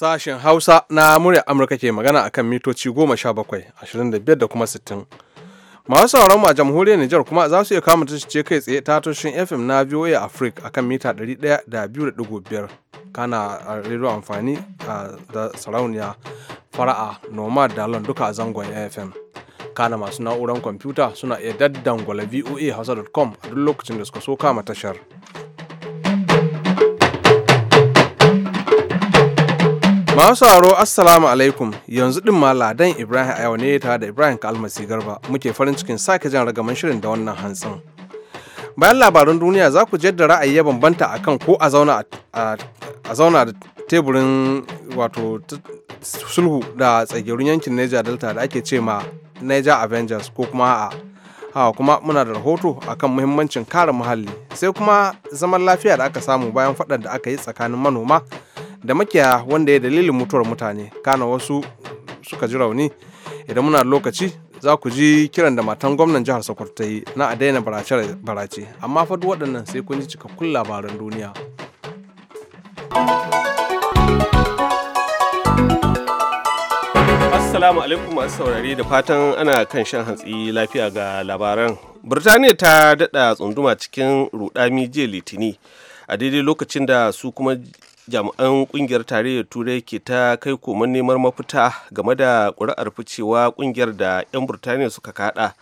Sashen Hausa na murya Amurka ke magana akan mitoci goma sha bakwai, ashirin da biyar da kuma sittin. Masu sauran a jamhuriyar Nijar kuma za su iya kama ce kai tsaye ta tashin FM na VOA Africa akan mita ɗari ɗaya da biyu da ɗigo biyar. Kana a rediyo amfani da sarauniya fara'a nomad da lon duka a zangon FM. kana masu na'urar kwamfuta suna iya daddangwala voa hausa.com a duk lokacin da suka so kama tashar. Masu aro Assalamu alaikum yanzu din ma Ladan Ibrahim a yau ne tare da Ibrahim Kalmasi Garba muke farin cikin sake jan ragaman shirin da wannan hantsin. Bayan labaran duniya za ku jadda ra'ayi ya bambanta a kan ko a zauna da teburin wato sulhu da tsagerun yankin Niger Delta da ake ce ma Niger Avengers ko kuma a hawa kuma muna da rahoto akan muhimmancin kare muhalli sai kuma zaman lafiya da aka samu bayan faɗan da aka yi tsakanin manoma da makiya wanda ya dalilin mutuwar mutane kana wasu suka ji rauni idan muna lokaci za ku ji kiran da matan gwamnan jihar sokoto ta yi na a daina barace amma fa duk waɗannan sai kun ji cikakkun labaran duniya Assalamu alaikum masu saurari da fatan ana kan shan hantsi lafiya ga labaran. Birtaniya ta daɗa tsunduma cikin rudami jiya litini a daidai lokacin da su kuma jami'an kungiyar tarayyar turai ke ta kai koman neman mafita game da ƙuri'ar ficewa kungiyar da 'yan burtaniya suka kada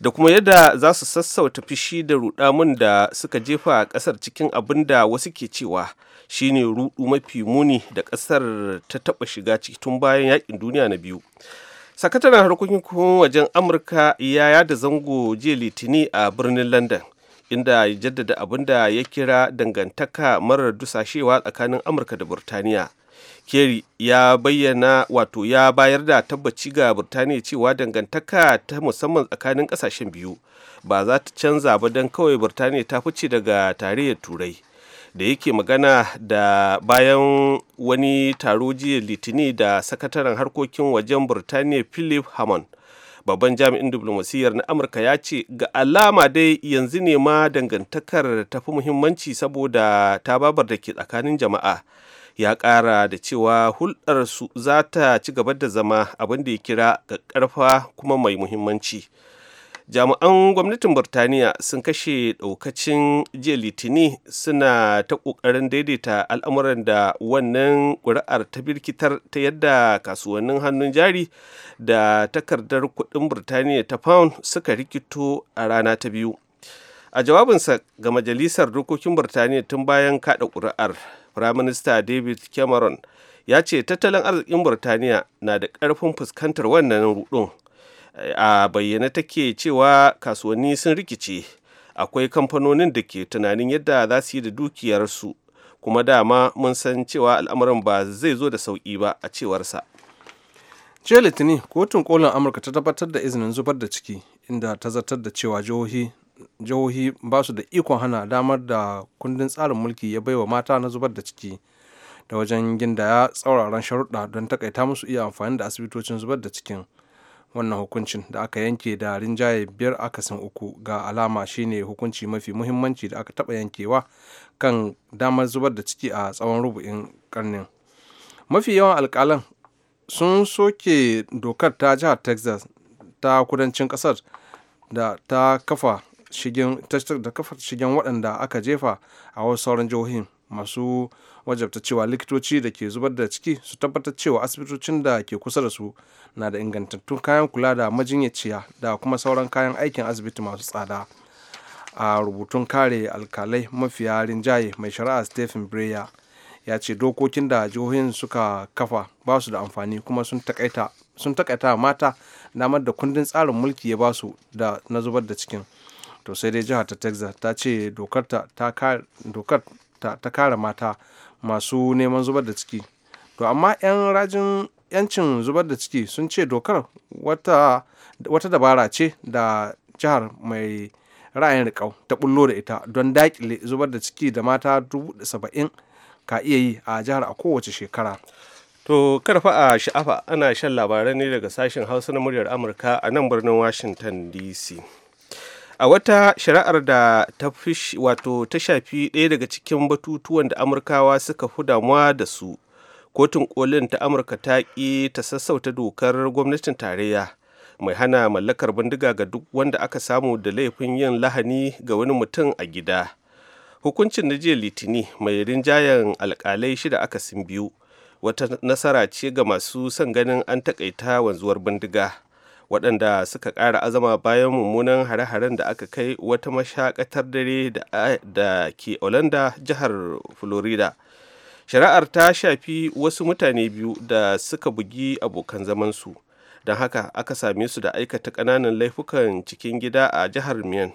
da kuma yadda za su sassauta fishi da rudamun da suka jefa kasar cikin abin da wasu ke cewa shine rudu mafi muni da kasar ta taba shiga ciki tun bayan yakin duniya na biyu sakataren harkokin wajen amurka ya yada zango jiya litini a birnin london inda ya jaddada abin da ya kira dangantaka marar dusashewa tsakanin amurka da burtaniya keri ya bayyana wato ya bayar da tabbaci ga burtaniya cewa dangantaka ta musamman tsakanin kasashen biyu ba za ta canza ba don kawai burtaniya ta fice daga tarayyar turai da yake magana da bayan wani taro jiya litini da sakataren harkokin wajen burtaniya philip hammond babban jami'in diplomasiyyar na amurka ya ce ga alama dai yanzu ne ma dangantakar ta fi muhimmanci saboda ta babar da ke tsakanin jama'a ya kara da cewa hulɗarsu za ta ci gaba da zama abin da ya kira ga ƙarfa kuma mai muhimmanci. jami'an gwamnatin burtaniya sun kashe daukacin jiya litini suna ta kokarin daidaita al'amuran da wannan ƙuri'ar ta birkitar ta yadda kasuwannin hannun jari da takardar kuɗin burtaniya ta pound suka rikito a rana ta biyu a jawabinsa ga majalisar dokokin burtaniya tun bayan kaɗa ƙuri'ar firaminista david cameron ya ce tattalin arzikin burtaniya na da ƙarfin fuskantar wannan rudun a bayyane take cewa kasuwanni sun rikice akwai kamfanonin da ke tunanin yadda za su yi da dukiyarsu kuma dama mun san cewa al'amuran ba zai zo da sauƙi ba a cewarsa jiya litinin kotun kolin amurka ta tabbatar da izinin zubar da ciki inda ta zartar da cewa jihohi jihohi ba su da ikon hana damar da kundin tsarin mulki ya baiwa mata na zubar da ciki da wajen gindaya tsauraran sharuɗa don takaita musu iya amfani da asibitocin zubar da cikin wannan hukuncin da aka yanke da rinjaye biyar akasin uku ga alama shine hukunci mafi muhimmanci da aka taɓa yankewa kan damar zubar da ciki a tsawon rubu'in karnin mafi yawan alkalan sun soke dokar ta jihar texas ta kudancin kasar da ta kafa shigen waɗanda aka jefa a wasu sauran jihohin masu wajabta cewa likitoci da ke zubar da ciki su tabbatar cewa asibitocin da ke kusa da su na da ingantattun kayan kula da majinyaciya da kuma sauran kayan aikin asibiti masu tsada a rubutun kare alkalai mafiya rinjaye mai shari'a stephen breyer ya ce dokokin da jihohin suka kafa ba su da amfani kuma sun takaita mata damar da kundin tsarin mulki ya ba su da na zubar da cikin to sai dai jihar ta texas ta ce dokar ta kare mata masu neman zubar da ciki to amma 'yan rajin 'yancin zubar da ciki sun ce dokar wata, dabara ce da jihar mai ra'ayin riƙau ta bullo da ita don dakile zubar da ciki da mata 70 ka iya yi a jihar a kowace shekara To karfa a sha'afa ana shan labarai ne daga sashen Hausa na muryar Amurka a nan birnin Washington DC. a wata shari'ar da ta wato ta shafi ɗaya daga cikin batutuwan da amurkawa suka fi damuwa da su kotun kolin ta amurka ta ƙi ta sassauta dokar gwamnatin tarayya mai hana mallakar bindiga ga duk wanda aka samu da laifin yin lahani ga wani mutum a gida hukuncin na jiya litini mai rinjayen alkalai shida aka sin biyu wata nasara ce ga masu son ganin an takaita wanzuwar bindiga waɗanda suka ƙara azama bayan mummunan hare-haren da aka kai wata mashakatar dare da ke Olanda jihar Florida. Shari'ar ta shafi wasu mutane biyu da suka bugi abokan zamansu, don haka aka same su da aikata ƙananan laifukan cikin gida a jihar mian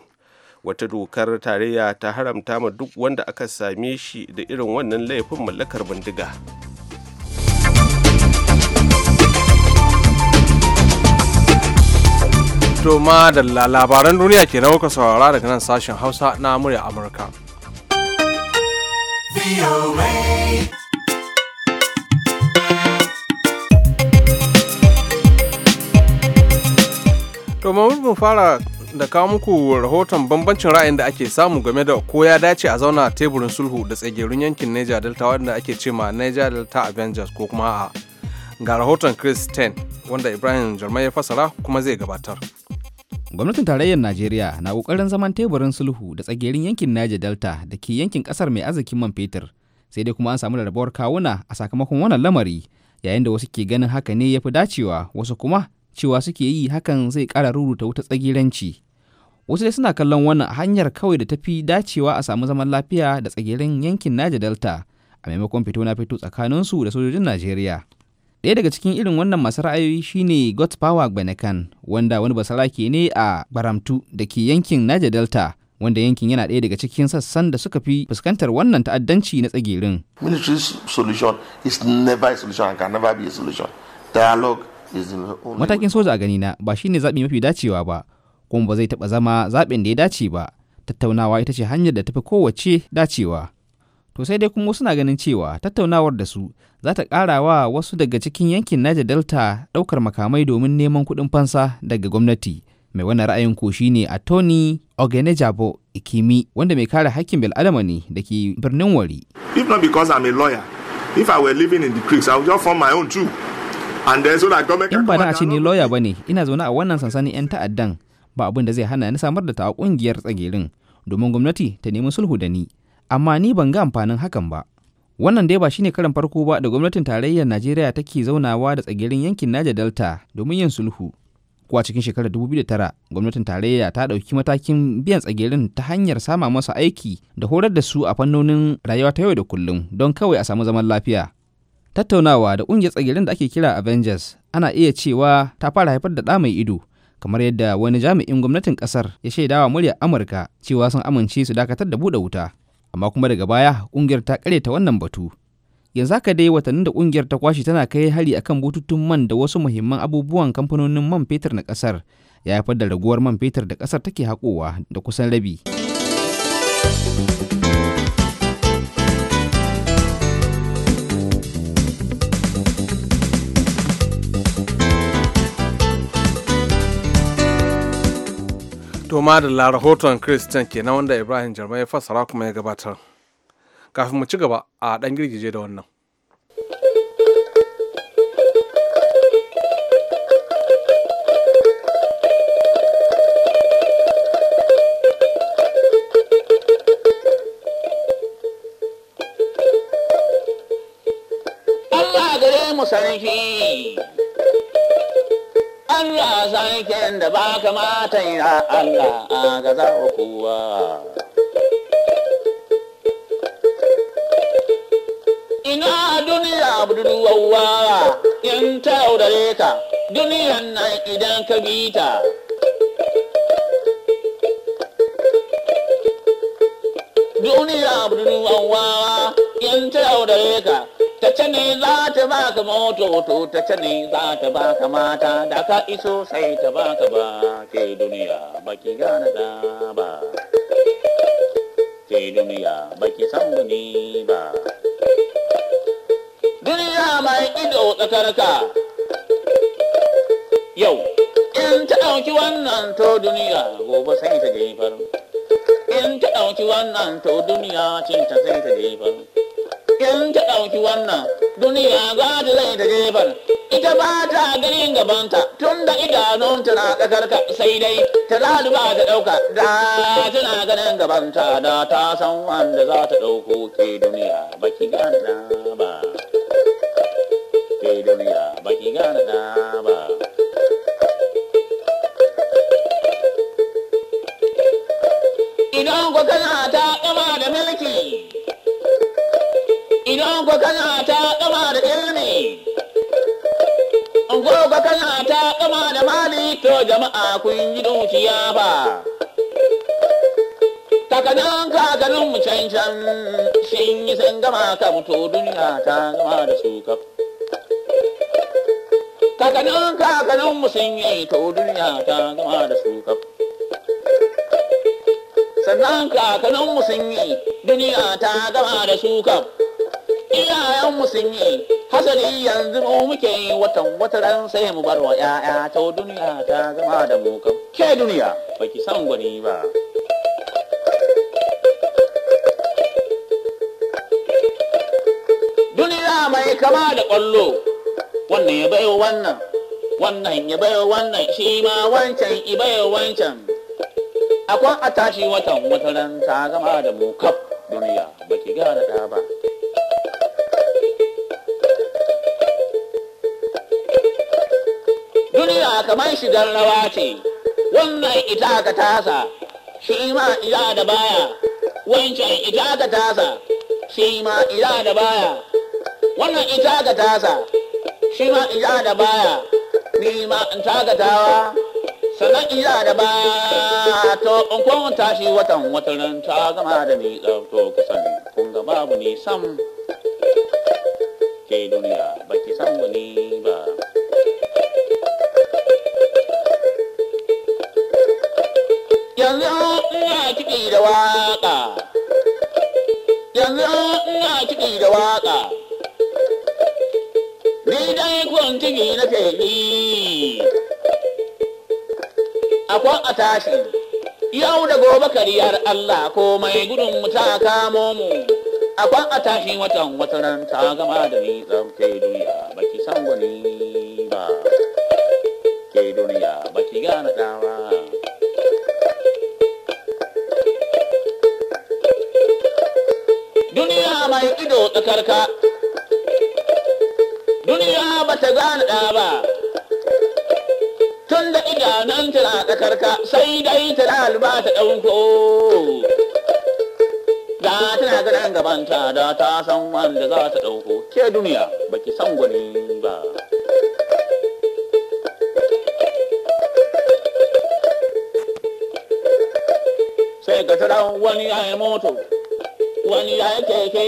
Wata dokar tarayya ta haramta ma duk wanda aka same shi da irin wannan laifin mallakar bindiga. To da labaran duniya ke kuka saurara daga nan sashen Hausa na murya Amurka. To mu fara da kawo muku rahoton bambancin ra'ayin da ake samu game da ko ya dace a zauna teburin sulhu da tsagerun yankin Niger Delta wanda ake ce Niger Delta Avengers ko kuma a. ga rahoton chris 10 wanda ibrahim jarmai ya fasara kuma zai gabatar gwamnatin tarayyar najeriya na kokarin zaman teburin sulhu da tsagerin yankin niger delta da ke yankin kasar mai arzikin man fetur sai dai kuma an samu rabuwar kawuna a sakamakon wannan lamari yayin da wasu ke ganin haka ne ya fi dacewa wasu kuma cewa suke yi hakan zai kara ruruta wuta tsagiranci wasu dai suna kallon wannan hanyar kawai da tafi dacewa a samu zaman lafiya da tsagerin yankin niger delta a maimakon fito na fito tsakaninsu da sojojin najeriya Daya daga cikin irin wannan masu ra'ayoyi shine Power Benekan, wanda wani basarake ne a Baramtu da ke yankin Niger Delta, wanda yankin yana ɗaya daga cikin sassan da suka fi fuskantar wannan ta'addanci na tsagirin. Military's solution is never a solution and can never be a solution. Dialogue is the only Matakin soja a ganina ba shine zaɓi mafi dacewa ba, kuma ba zai taɓa zama zaɓin da ya dace ba. Tattaunawa ita ce hanyar da tafi kowace dacewa. To sai dai kuma suna ganin cewa tattaunawar da su za ta ƙara wa wasu daga cikin yankin Niger Delta ɗaukar makamai domin neman kuɗin fansa daga gwamnati. Mai wannan ra'ayin ko shine a Tony Ogenejabo Ikimi wanda mai kare hakkin bil'adama ne da ke birnin Wari. If not because I'm a lawyer, if I were living in the creeks, I would just form my own too. And then so that government... In ba na a ce ni lawyer ba ne, ina zaune a wannan sansanin 'yan ta'addan ba abin da zai hana ni samar da ta ƙungiyar tsagerin domin gwamnati ta nemi sulhu da ni. amma ni ban ga amfanin hakan ba wannan dai ba shine karan farko ba da gwamnatin tarayyar najeriya take zaunawa da tsagirin yankin naja delta domin yin sulhu kuwa cikin shekarar 2009 gwamnatin tarayya ta ɗauki matakin biyan tsagirin ta hanyar sama masa aiki da horar da su a fannonin rayuwa ta yau da kullum don kawai a samu zaman lafiya tattaunawa da ƙungiyar tsagirin da ake kira avengers ana iya cewa ta fara haifar da ɗa mai ido kamar yadda wani jami'in gwamnatin ƙasar ya shaidawa muryar amurka cewa sun amince su dakatar da buɗe wuta amma kuma daga baya ƙungiyar ta ta wannan batu yanzu haka dai watannin da ƙungiyar ta kwashe tana kai hari akan bututun man da wasu muhimman abubuwan kamfanonin man fetur na ƙasar ya haifar da raguwar man fetur da ƙasar take haƙowa da kusan rabi. to madalla rahoton christian kenan wanda ibrahim jarma ya fassara kuma ya gabatar kafin mu ci gaba a dan girgije da wannan Allah gare mu Allah sarkin da ba kamata ya Allah a gaza kuwa. Ina duniya budurwawa in ta yaudare ka duniyan nan idan ka bi ta. Duniya budurwawa in ta yaudare ka ce ne za ta baka moto to ta ce ne za ta baka mata da ka iso sai ta baka ba ke duniya baki gane da ba ke duniya baki san gani ba duniya mai ido tsakarka yau in ta ɗauki wannan to duniya gobe sai ta jefar in ta ɗauki wannan to duniya cin ta sai ta jefar in ta ɗauki wannan duniya za ta zai ta gefen. ita ba ta ganin gabanta tun da idanunta na ka. sai dai ta ba ta ɗauka da tana ganin gabanta da ta san wanda za ta ɗauko ke duniya baki gana ba ke duniya baki gana ba idan kwa kana ta kana ta kama da ilmi gobe kana ta kama da mali to jama'a kun yi dukiya ba takanan kakanin mu cancan sun yi sun gama ka mutu duniya ta gama da su kaf takanan kakanin mu sun yi to duniya ta gama da su kaf sannan kakanin mu sun yi duniya ta gama da su kaf iyayenmu sun yi hasali yanzu mu muke yi watan wataran sai mu bar wa 'ya'ya ta duniya ta zama da mu ke duniya baki san gwani ba duniya mai kama da ƙwallo wannan ya bai wannan wannan ya bai wannan shi ma wancan ibai wancan akwai a tashi watan wataran ta zama da mu duniya baki gara ɗa ba Allah kamar shigar rawa ce, wannan ita ka tasa, shi ma ila da baya, wancan ita ka tasa, shi ma ila da baya, wannan ita ka tasa, shi ma ila da baya, ni ma in tagatawa, sannan ila da baya, to in kun tashi watan watanin ta gama da ni to kusan kun ga babu ni sam ke duniya baki san ni. waka yanzu ina kiɗi da waƙa ni dai kuwan ciki na yi akwai a tashi yau da gobe kariyar Allah mai gudun mu ta kamo mu akwai a watan wataran ta gama da nisa karka duniya ba ta gane ɗa ba tun da idanun tana tsakarka sai dai ta ɗaliba ta ɗauko da tana ganin gabanta da ta san wanda za ta ɗauko ke duniya baki san gwani ba sai ka tara wani ya yi moto wani ya yi keke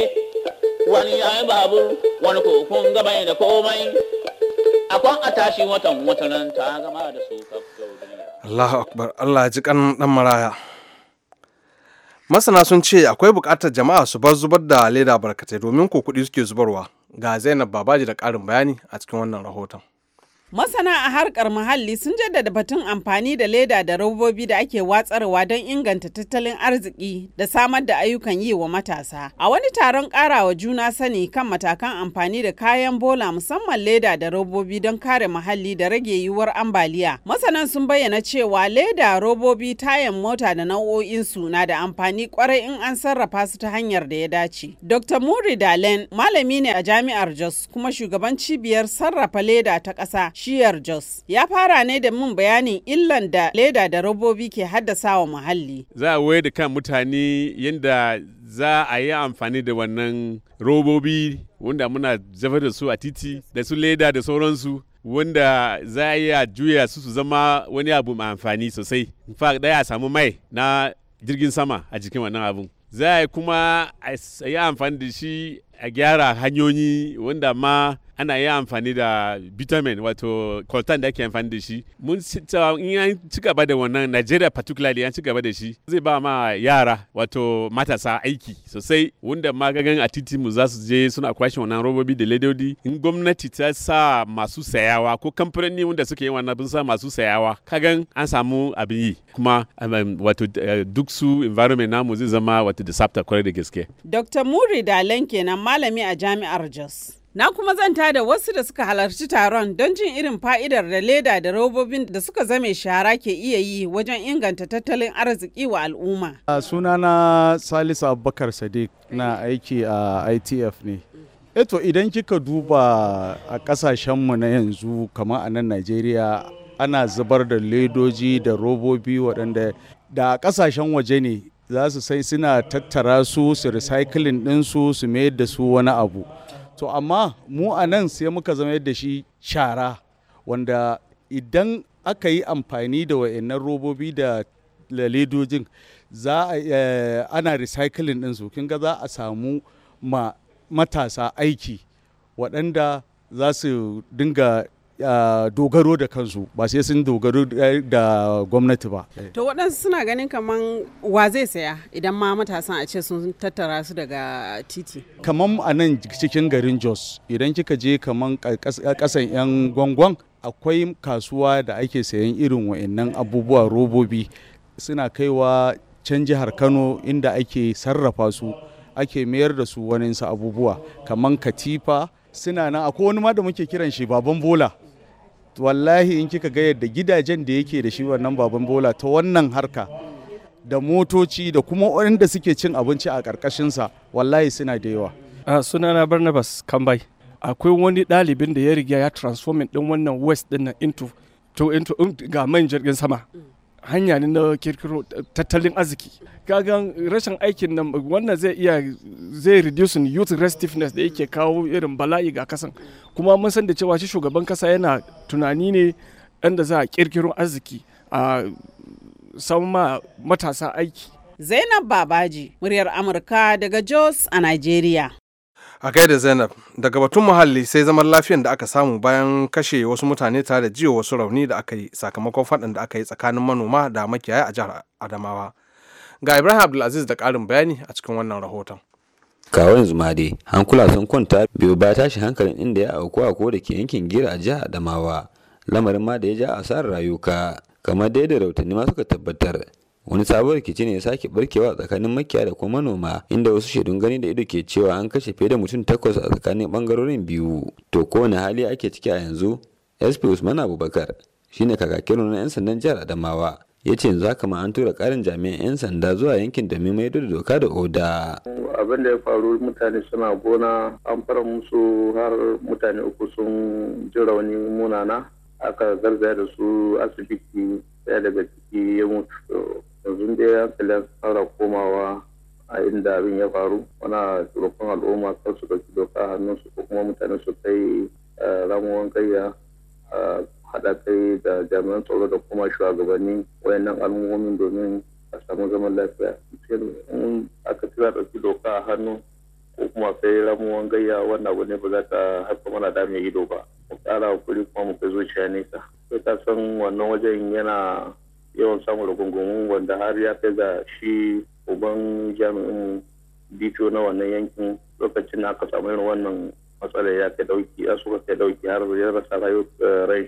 wani ya yi babur wani kokon gaba da komai akwai a tashi watan nan ta gama da su Allahu akbar Allah ji kan dan maraya masana sun ce akwai bukatar jama'a su bar zubar da leda barkatai domin ko kuɗi suke zubarwa ga zainab babaji da karin bayani a cikin wannan rahoton Masana a harkar muhalli sun jaddada batun amfani da leda da robobi da ake watsarwa don inganta tattalin arziki da samar da ayyukan yi wa matasa. A wani taron karawa juna sani kan matakan amfani da kayan bola musamman leda da robobi don kare muhalli da rage yiwuwar ambaliya. Masanan sun bayyana cewa leda, robobi, tayan mota da nau'o'insu na da amfani kwarai in an sarrafa su ta hanyar da ya dace. Dr. Muri Dalen malami ne a jami'ar Jos kuma shugaban cibiyar sarrafa leda ta ƙasa shiyar Jos ya fara ne da mun bayanin illan da leda da robobi ke haddasa wa muhalli. Za a wayar da kan mutane yadda za a yi amfani da wannan robobi wanda muna zafar da su a titi da su leda da sauransu. wanda za a iya juya su su zama wani abu mai amfani sosai. In fact, daya a samu mai na jirgin sama a jikin wannan abun. Za a yi kuma a yi amfani da shi a gyara hanyoyi wanda ma ana yi amfani da bitumen wato coltan da ake amfani da shi mun cewa in an ci gaba da wannan Najeriya particularly an ci gaba da shi zai ba ma yara wato matasa aiki sosai wanda magagan a titi mu za su je suna kwashe wannan robobi da ledodi in gwamnati ta sa masu sayawa ko kamfanoni wanda suke yin wannan bin sa masu sayawa kagan an samu abin yi kuma um, wato eh, duk su environment namu zai zama wato da sabta kwarai da gaske. Dr. Muri Dalen kenan malami a jami'ar Jos. Na kuma zanta da wasu da suka halarci taron don jin irin fa'idar da leda da robobin da suka zame shara ke iya yi wajen inganta tattalin arziki wa al'umma. sunana Salisu Abubakar Sadiq na aiki a ITF ne. Eto idan kika duba a kasashenmu na yanzu kamar a nan Najeriya ana zubar da ledoji da robobi waɗanda da kasashen waje ne za su sai suna tattara su su recycling ɗinsu su mayar da su wani abu. to amma mu a nan sai muka zama yadda shi shara wanda idan aka yi amfani da wa'annan robobi da laledojin za a eh, ana recycling din su kinga za a samu ma matasa aiki waɗanda za su dinga dogaro da kansu ba sai sun dogaro da gwamnati ba. Eh. To waɗansu suna ganin kaman wa zai saya idan ma matasan a ce sun tattara su daga titi. Kaman a nan cikin garin Jos idan kika je kaman ƙasan 'yan gwangwan akwai kasuwa da ake sayan irin wa'annan abubuwa robobi suna kaiwa can jihar Kano inda ake sarrafa su ake mayar da su waninsu abubuwa kaman katifa suna nan akwai wani ma da muke kiran shi baban bola wallahi in kika ga yadda gidajen da yake da shi wannan baban bola ta wannan harka da motoci da kuma waɗanda suke cin abinci a ƙarƙashinsa wallahi suna da yawa uh, sunana barnabas kambai akwai wani ɗalibin da ya riga ya transforming ɗin wannan west ɗin into to into um, ga man jirgin sama hanya ne na kirkiro tattalin arziki kagan rashin aikin nan wannan zai iya zai reduce youth restiveness da yake kawo irin bala'i ga kasan kuma mun san da cewa shi shugaban kasa yana tunani ne inda za a kirkiro arziki a samun matasa aiki zainab babaji muryar amurka daga jos a nigeria a da zainab daga batun muhalli sai zaman lafiyan da aka samu bayan kashe wasu mutane tare da jiwa wasu rauni da aka yi sakamakon faɗin da aka yi tsakanin manoma da makiyaya a jihar adamawa ga ibrahim abdulaziz da ƙarin bayani a cikin wannan rahoton kawai yanzu ma dai hankula sun kwanta biyu ba tashi hankalin inda ya auku a ko da ke yankin gira a jihar adamawa lamarin ma da ya ja a asarar rayuka kamar dai da rautani ma suka tabbatar wani sabuwar rikici ne ya sake barkewa tsakanin makiya da kuma manoma inda wasu shaidun gani da ido ke cewa an kashe fiye da mutum takwas a tsakanin bangarorin biyu to kowane hali ake ciki a yanzu sp usman abubakar shine kakakin na 'yan sandan jihar adamawa ya ce yanzu haka ma an tura karin jami'an 'yan sanda zuwa yankin domin maido da doka da oda. abin da ya faru mutane suna gona an fara musu har mutane uku sun ji rauni munana aka zarzaya da su asibiti daya daga ciki ya mutu yanzu dai hankali ya fara komawa a inda abin ya faru wana roƙon al'umma kan su ɗauki doka hannun su ko kuma mutane su kai eh, ramuwan gayya haɗa kai da jami'an tsaro da kuma shugabanni wayannan al'ummomin domin a samu zaman lafiya in aka tura ɗauki doka a hannu ko kuma kai ramuwan gayya wannan abu ne ba za ta haifar mana da mai ido ba mu ƙara hakuri kuma mu kai zuciya nesa sai ka san wannan wajen yana yawan samun rigungumu wanda har ya kai ga shi uban jami'in bito na wannan yankin lokacin da aka samu irin wannan matsala ya kai dauki ya suka kai dauki har ya rasa rayuwar eh,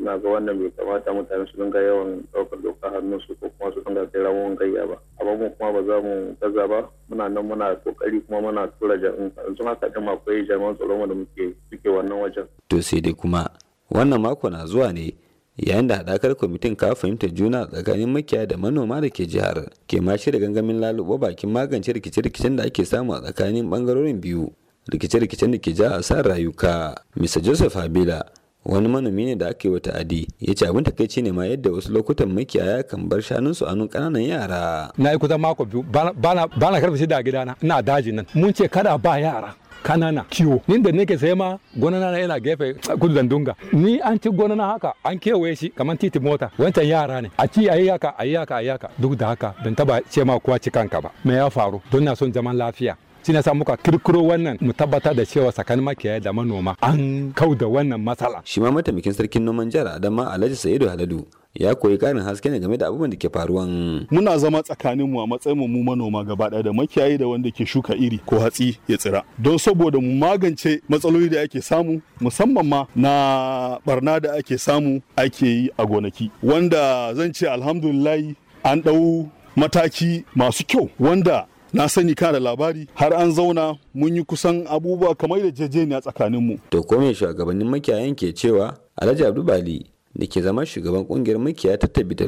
na ga wannan bai kamata mutane su dinga yawan daukar doka hannun su ko kuma su dinga kai ramuwan gayya ba amma mu kuma ba za mu gaza ba muna nan muna kokari kuma muna tura jami'an yanzu haka din akwai jami'an tsaron da muke suke wannan wajen to sai dai kuma wannan mako na zuwa ne yayin da hadakar kwamitin ka fahimta juna tsakanin makiya da manoma da ke jihar ke ma shirya gangamin lalubo bakin magance rikice-rikicen da ake samu a tsakanin bangarorin biyu rikice-rikicen da ke ja a sa rayuka mr joseph habila wani manomi ne da aka yi wa ta'adi ya ce abin takaici ne ma yadda wasu lokutan makiyaya kan bar shanunsu a nun ƙananan yara na yi kusan mako biyu ba na karfe shida a gidana ina daji nan mun ce kada ba yara kanana kiwo ni da nake sai ma gonana na yana gefe kudu dandunga ni an ci gonana haka an kewaye shi kamar titi mota wancan yara ne a ci ayi haka ayi haka ayi haka duk da haka ban taba ce ma kowa ci kanka ba me ya faru don na son zaman lafiya shi na sa muka kirkiro wannan mu tabbatar da cewa tsakanin makiyaya da manoma an kau da wannan matsala. Shi ma mataimakin sarkin noman jihar Adama Alhaji Sa'idu Haladu ya koyi karin haske ne game da abubuwan da ke faruwan. Muna zama tsakanin mu a matsayin mu manoma gaba da makiyayi da wanda ke shuka iri ko hatsi ya tsira. Don saboda mu magance matsaloli da ake samu musamman ma na barna da ake samu ake yi a gonaki. Wanda zan ce alhamdulillah an ɗau mataki masu kyau wanda na sani kana da labari har an zauna mun yi kusan abubuwa kamar da jejeniya tsakaninmu. To ko shugabannin makiyayan ke cewa Alhaji Abdulbali. da ke zama shugaban kungiyar mulki ta tattabi da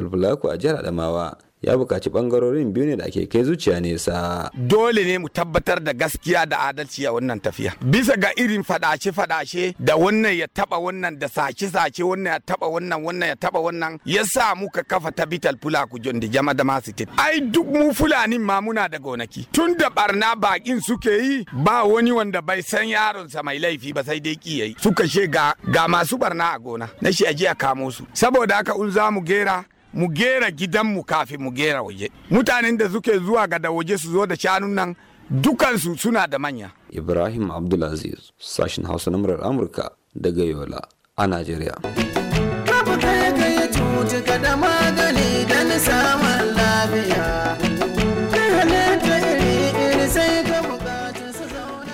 a jihar adamawa ya buƙaci ɓangarorin biyu ne da ke kai zuciya nesa. Dole ne mu tabbatar da gaskiya da adalci a wannan tafiya. Bisa ga irin faɗace-faɗace da wannan ya taɓa wannan da sace-sace wannan ya taɓa wannan wannan ya taɓa wannan ya sa muka kafa ta bital fula ku da jama da masu Ai duk mu fulani ma muna da gonaki. Tun da barna bakin suke yi ba wani wanda bai san yaronsa mai laifi ba sai dai ki yayi. Suka she ga, masu barna a gona. Na shi aje a kamo su. Saboda haka un za mu gera mu gera gidanmu kafin mu gera waje mutanen da suke zuwa ga da waje su zo da shanun nan dukansu suna da manya ibrahim abdulaziz sashen hausa na murar amurka daga yola a najeriya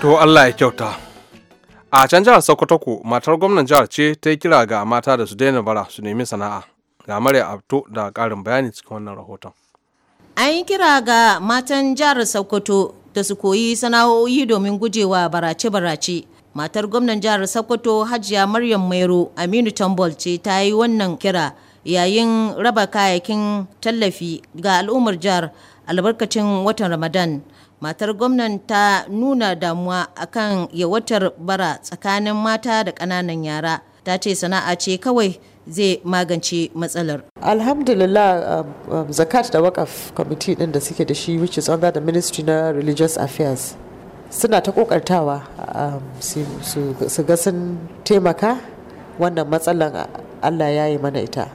To Allah ya kyauta. A can jihar Sokoto matar gwamnan jihar ce ta yi kira ga mata da su daina bara su nemi sana'a. ga mara abto da ƙarin bayani cikin wannan rahoton an yi kira ga matan jihar sokoto da su koyi sana'o'i domin gujewa barace-barace matar gwamnan jihar sokoto hajiya maryam mairo aminu tambol ce ta yi wannan kira yayin raba kayakin tallafi ga al'ummar jihar albarkacin watan ramadan matar gwamnan ta nuna damuwa akan yawatar bara tsakanin mata da ƙananan yara ta ce sana'a ce kawai zai magance matsalar. Alhamdulillah um, um, zakat da wakaf kwamiti ɗin da suke da shi which is under the ministry na religious affairs suna ta kokartawa um, su ga sun taimaka wannan matsalar Allah ya yi mana ita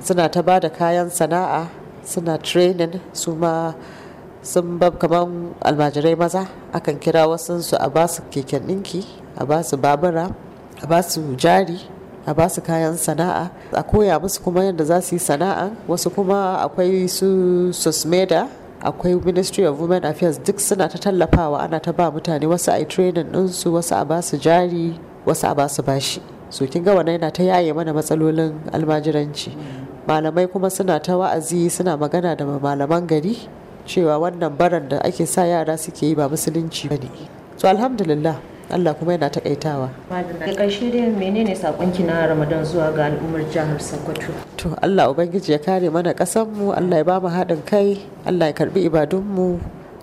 suna ta ba da kayan sana'a suna training su ma sun bab kamar almajirai maza akan kira wasu su a basu keken ɗinki a basu babura a basu jari a ba su kayan sana'a a koya musu kuma yadda za su yi sana'a wasu kuma akwai su susmeda akwai ministry of women affairs duk suna ta tallafawa ana ta ba mutane wasu a yi training su wasu a ba su jari wasu a ba su bashi so kin ga wannan yana ta yaye mana matsalolin almajiranci malamai kuma suna ta wa'azi suna magana da malaman gari cewa wannan baran da ake sa yara suke yi ba musulunci ba ne so alhamdulillah Allah kuma yana takaitawa. Da ƙarshe dai menene sakonki na Ramadan zuwa ga al'ummar jihar Sokoto? To Allah Ubangiji ya kare mana ƙasar mu Allah ya ba mu haɗin kai, Allah ya karbi mu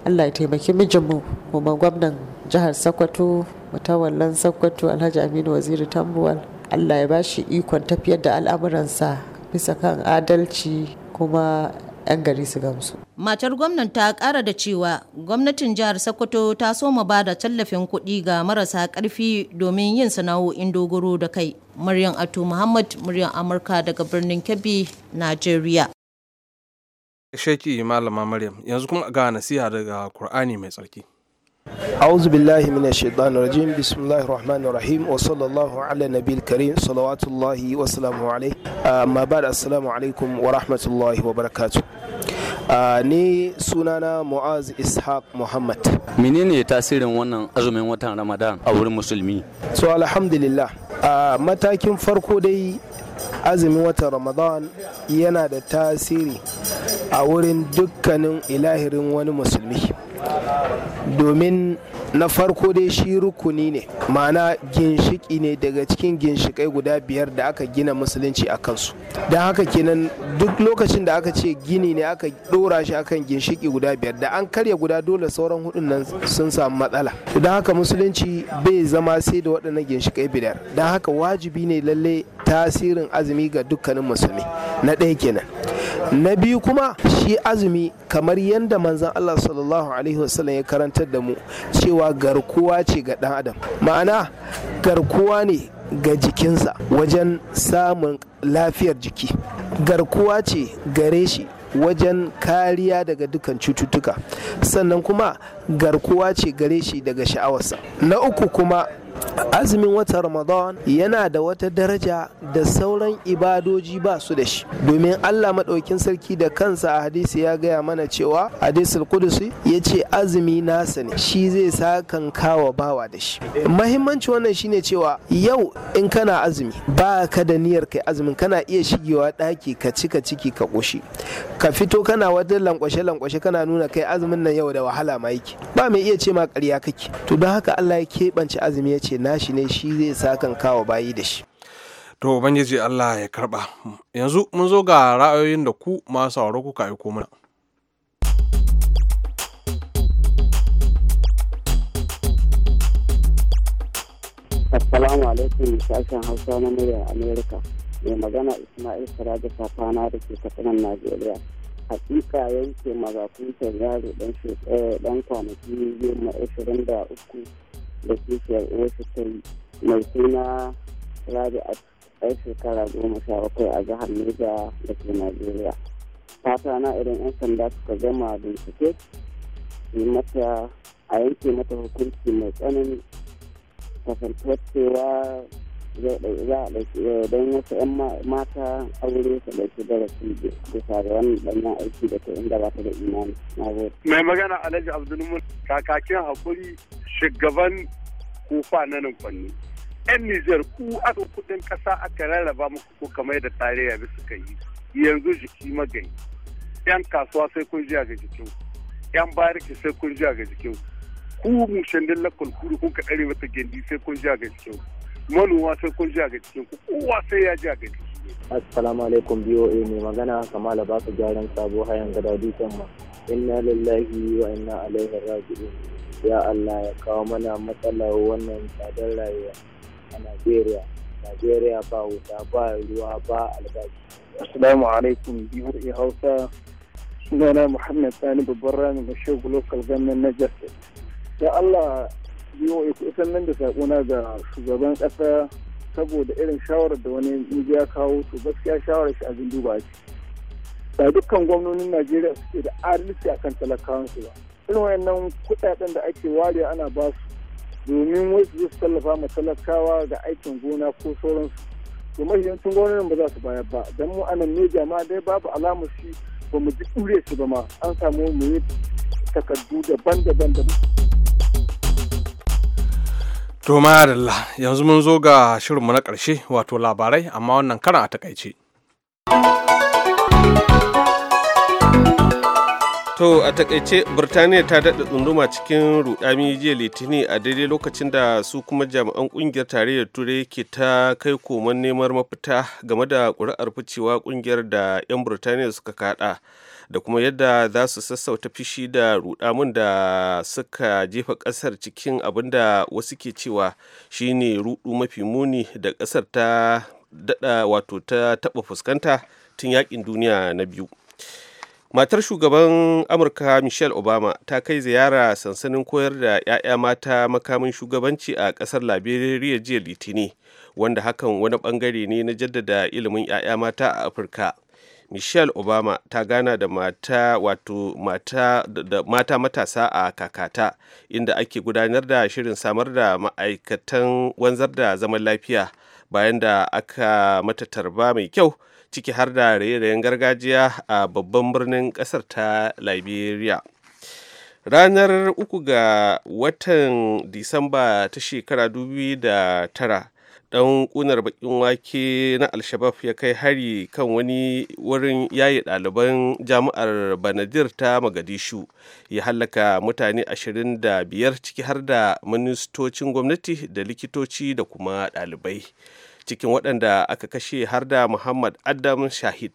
Allah ya taimaki mijinmu, kuma gwamnan jihar Sokoto, mutawallan Sokoto Alhaji Aminu Waziri Tambuwal. Allah ya ba shi ikon tafiyar da al'amuransa bisa kan adalci kuma 'yan gari su gamsu. Matar gwamnan ta kara da cewa gwamnatin jihar Sokoto ta soma ba da tallafin kuɗi ga marasa ƙarfi domin yin sana'o'in dogoro da kai. Maryam Ato Muhammad muryar Amurka daga birnin Kebbi, Najeriya. Sheki Malama Maryam yanzu kuma ga nasiha daga Kur'ani mai tsarki. أعوذ بالله من الشيطان الرجيم بسم الله الرحمن الرحيم وصلى الله على الكريم صلوات الله وسلامه عليه ما بعد السلام عليكم ورحمة الله وبركاته ni sunana mu'az ishaq muhammad menene tasirin wannan azumin watan ramadan a wurin musulmi so alhamdulillah a uh, matakin farko dai azumin watan ramadan yana da tasiri a wurin dukkanin ilahirin wani musulmi domin na farko dai shi rukuni ne ma'ana ginshiki ne daga cikin ginshikai guda biyar da aka gina musulunci a kansu don haka kenan duk lokacin da aka ce gini ne aka dora shi akan ginshiki guda biyar da an karya guda dole sauran hudun nan sun samu matsala don haka musulunci bai zama sai da waɗannan ginshikai biyar don haka wajibi ne lalle tasirin azumi ga dukkanin musulmi na ɗaya kenan na biyu kuma shi azumi kamar yadda manzan Allah sallallahu alaihi wasallam ya karantar da mu cewa garkuwa ce ga ɗan adam ma'ana garkuwa ne ga jikinsa wajen samun lafiyar jiki garkuwa ce gare shi wajen kariya daga dukkan cututtuka sannan kuma garkuwa ce gare shi daga sha'awarsa na uku kuma azumin watan ramadan yana da wata daraja da sauran ibadoji ba su da shi domin allah maɗaukin sarki da kansa a hadisi ya gaya mana cewa hadisul kudusi ya ce azumi nasa ne shi zai sa kan kawa bawa da shi mahimmanci wannan shine cewa yau in kana azumi ba ka da niyyar kai azumin kana iya shigewa ɗaki ka cika ciki ka ƙoshi ka fito kana wata lankwashe lankwashe kana nuna kai azumin nan yau da wahala ma yake ba mai iya ce ma ƙarya kake to don haka allah ya keɓance azumi ya ce nashi ne shi zai sakan kawo bayi da shi to ubangiji Allah ya karba yanzu mun zo ga ra'ayoyin da ku masu sauraro kuka aiko mana Assalamu alaikum sashen Hausa na murya Amerika. Mai magana Ismail Saraja Safana da ke katsinan Najeriya. Hakika yanke mazakuntar yaro dan eh, kwanaki goma ashirin da uku da kishiyar uwarsu mai suna rabi'at a shekara goma sha bakwai a jihar Niger da ke Najeriya. Fata na idan 'yan sanda suka gama bincike mata a yanke mata hukunci mai tsanani kasantuwar cewa za a ɗauki eh, don wasu 'yan mata aure su ɗauki darasi da ga wani ɗanyen aiki da ta inda ba ta da imani na gode. mai magana alhaji abdulmul kakakin hakuri shugaban kufa na numfanni. 'yan nijar ku aka kuɗin ƙasa aka rarraba muku ko kamar da tarayya bi suka yi yanzu jiki magani 'yan kasuwa sai kun jiya ga jikin 'yan bariki sai kun jiya ga jikin ku mushandin lakon kuru kun ka ɗari mata gindi sai kun jiya ga jikin manoma sai kun ja ga cikin ku kowa sai ya ja ga ciki assalamu alaikum BOA mai magana kamala ba su gyaran sabo hayan gada dukan ma inna lillahi wa inna alaihi raji'un ya Allah ya kawo mana matsalar wannan tsadar rayuwa a Najeriya Najeriya ba wuta ba ruwa ba albashi assalamu alaikum BOA Hausa sunana Muhammad Sani babban ramin da shegu local na Justice ya Allah voa ku isan nan da saƙona ga shugaban ƙasa saboda irin shawarar da wani miji ya kawo to gaskiya shawarar shi abin duba ce ba dukkan gwamnonin najeriya suke da adalci akan talakawansu ba irin wayannan kuɗaɗen da ake ware ana ba su domin wasu su tallafa ma talakawa ga aikin gona ko sauransu to mahiyancin gwamnonin ba za su bayar ba don mu anan ne jama'a dai babu alamar shi ba mu ji ɗure su ba ma an samu mu yi takardu daban-daban da To madalla yanzu mun zo ga shirinmu na ƙarshe wato labarai amma wannan karan a takaice. To a takaice Birtaniya ta daɗa tsunduma cikin rudami jiya litini a daidai lokacin da su kuma jami'an ƙungiyar tarayyar turai ke ta kai koman neman mafita game da ƙuri'ar ficewa ƙungiyar da 'yan Birtaniya suka kaɗa. da kuma yadda za su sassauta fishi da rudamun da suka jefa kasar cikin abin da wasu ke cewa shine rudu mafi muni da kasar ta dada wato ta taba fuskanta tun yakin duniya na biyu matar shugaban amurka michelle obama ta kai ziyara sansanin koyar da 'ya'ya mata makamin shugabanci a kasar liberia jiya litini wanda hakan wani bangare ne na jaddada ilimin 'ya'ya mata a afirka michelle obama ta gana da mata wato mata da mata matasa a kakata inda ake gudanar da shirin samar da ma'aikatan wanzar da zaman lafiya bayan da aka mata tarba mai kyau ciki har da raye-rayen gargajiya a babban birnin kasar ta liberia ranar uku ga watan disamba ta shekara 2009 dan kunar bakin wake na alshabab ya kai hari kan wani wurin yayi ɗaliban jami'ar banadir ta magadishu ya hallaka mutane 25 ciki har da ministocin gwamnati da likitoci da kuma ɗalibai cikin waɗanda aka kashe har da muhammad adam shahid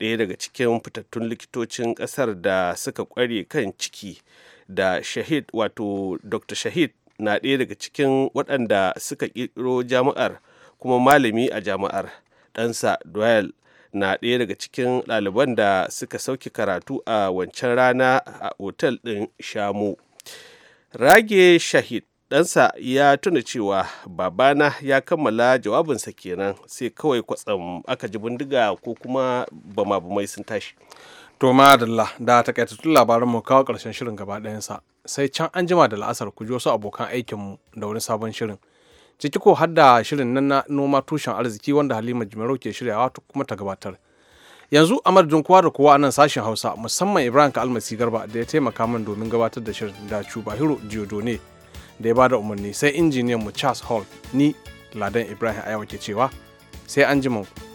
ɗaya daga cikin fitattun likitocin ƙasar da suka ƙware kan ciki da shahid wato dr shahid na ɗaya daga cikin waɗanda suka ƙirƙiro jama'ar kuma malami a jami'ar ɗansa doyle na ɗaya daga cikin ɗaliban da suka sauke karatu a wancan rana a otal ɗin shamu rage shahid ɗansa ya tuna cewa babana ya kammala jawabinsa kenan sai kawai kwatsam aka ji bindiga ko kuma bama-bamai sun tashi To madalla da takaitattun labaran mu kawo ƙarshen shirin gaba sa sai can an jima da la'asar ku ji wasu abokan aikinmu da wani sabon shirin. Ciki ko har da shirin nan na noma tushen arziki wanda Halima Jimarau ke shiryawa kuma ta gabatar. Yanzu a madadin kowa da kowa a nan sashen Hausa musamman Ibrahim Kalmasi Garba da ya taimaka min domin gabatar da shirin da Cubahiro ne da ya bada umarni sai injiniyan mu Charles Hall ni Ladan Ibrahim Ayawa ke cewa sai an jima